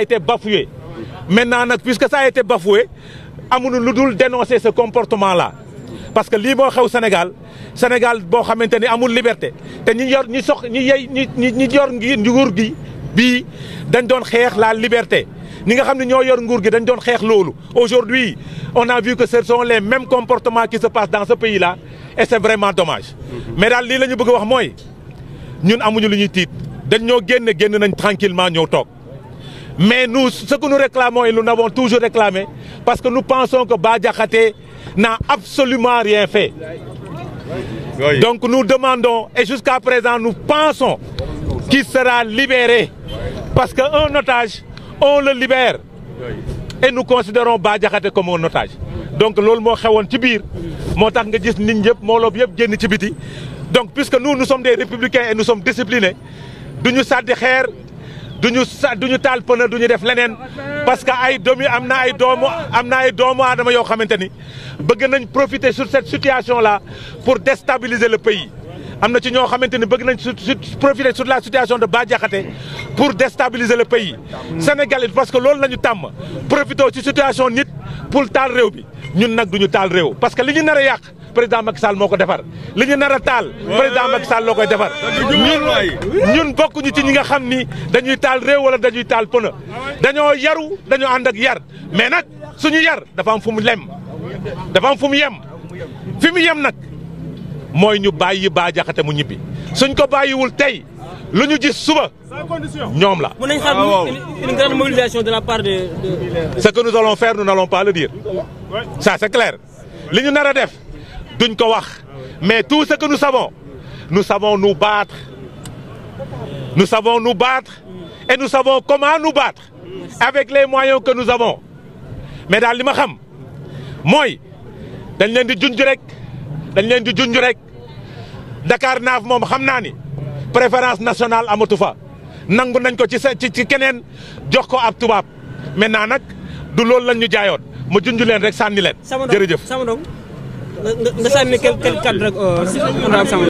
a été bafoué maintenant nag puisque ça a été bafoué amuñu lu dul dénoncer ce comportement la parce que lii moo xew Sénégal Sénégal boo xamante ni amul liberté te ñi yor ñi sox ñi yey ñi ñi yor nguur gi bii dañ doon xeex laa liberté ñi nga xam ne ñoo yor nguur gi dañ doon xeex loolu aujourd'hui on a vu que ce sont les mêmes comportement qui se passent dans ce pays là et c'est vraiment domage mais daal lii la ñu bëgg wax mooy ñun amuñu lu ñuy tiit dañ ñoo génn génn nañ tranquillement ñëw toog Mais nu ce que nous réclamons et nous l'avons toujours réclamé, parce que nous pensons que Badiakate n'a absolument rien fait. Donc nous demandon et jusqu'à présent nous pensons qu'il sera libéré. Parce qu'un otage, on le libère. Et nous considérons Badiakate comme un otage. Donc loolu moo xewoon ci biir moo tax nga gis nit ñëpp mbooloo bi yëpp génn ci biti donc puisque nous nous sommes des républicains et nous sommes disciplinés duñu sàddi xeer duñu sa duñu taal pëna duñu def leneen parce que ay doomi am na ay doomu am na ay doomu aadama yoo xamante ni bëgg nañ profiter sur cette situation là pour déstabiliser le pays am na ci ñoo xamante ni bëgg nañ su profiter sur la situation de Bah Diakhaté pour déstabiliser le pays Sénégal it parce que loolu la ñu tàmm profité ci situation nit pour taal réew bi ñun nag duñu taal réew parce que li ñu nar a yàq président Macky Sall moo ko defar li ñu nar a taal président Macky Sall loo koy defar ñun ñun bokkuñu ci ñi nga xam ni dañuy taal réew wala dañuy taal pëna dañoo yaru dañoo ànd ak yar mais nag suñu yar dafa am fu mu lem dafa am fu mu yem fi mu yem nag mooy ñu bàyyi Bah Diakhaté mu ñibbi suñ ko bàyyiwul tey lu ñu gis suba ñoom la. Ah, waaw une grande mobilisation de la part de. ce que nous allons faire nous n'allons pas le li ñu nar a def. duñ ko wax mais tout ce sabon nous sabon nous savons nous sabon nous savons nous battre et comment nous baat avec les moyens que nous avons mais daal li ma xam mooy dañ leen di junj rek dañ leen di junj rek Dakar naaf moom xam naa ni préférence nationale amatu fa nangu nañ ko ci sa ci keneen jox ko ab tubaab maintenant nag du loolu lañ ñu jaayoon ma junj leen rek sànni leen. jërëjëf nga sànni quelque quelque cadre rek euh,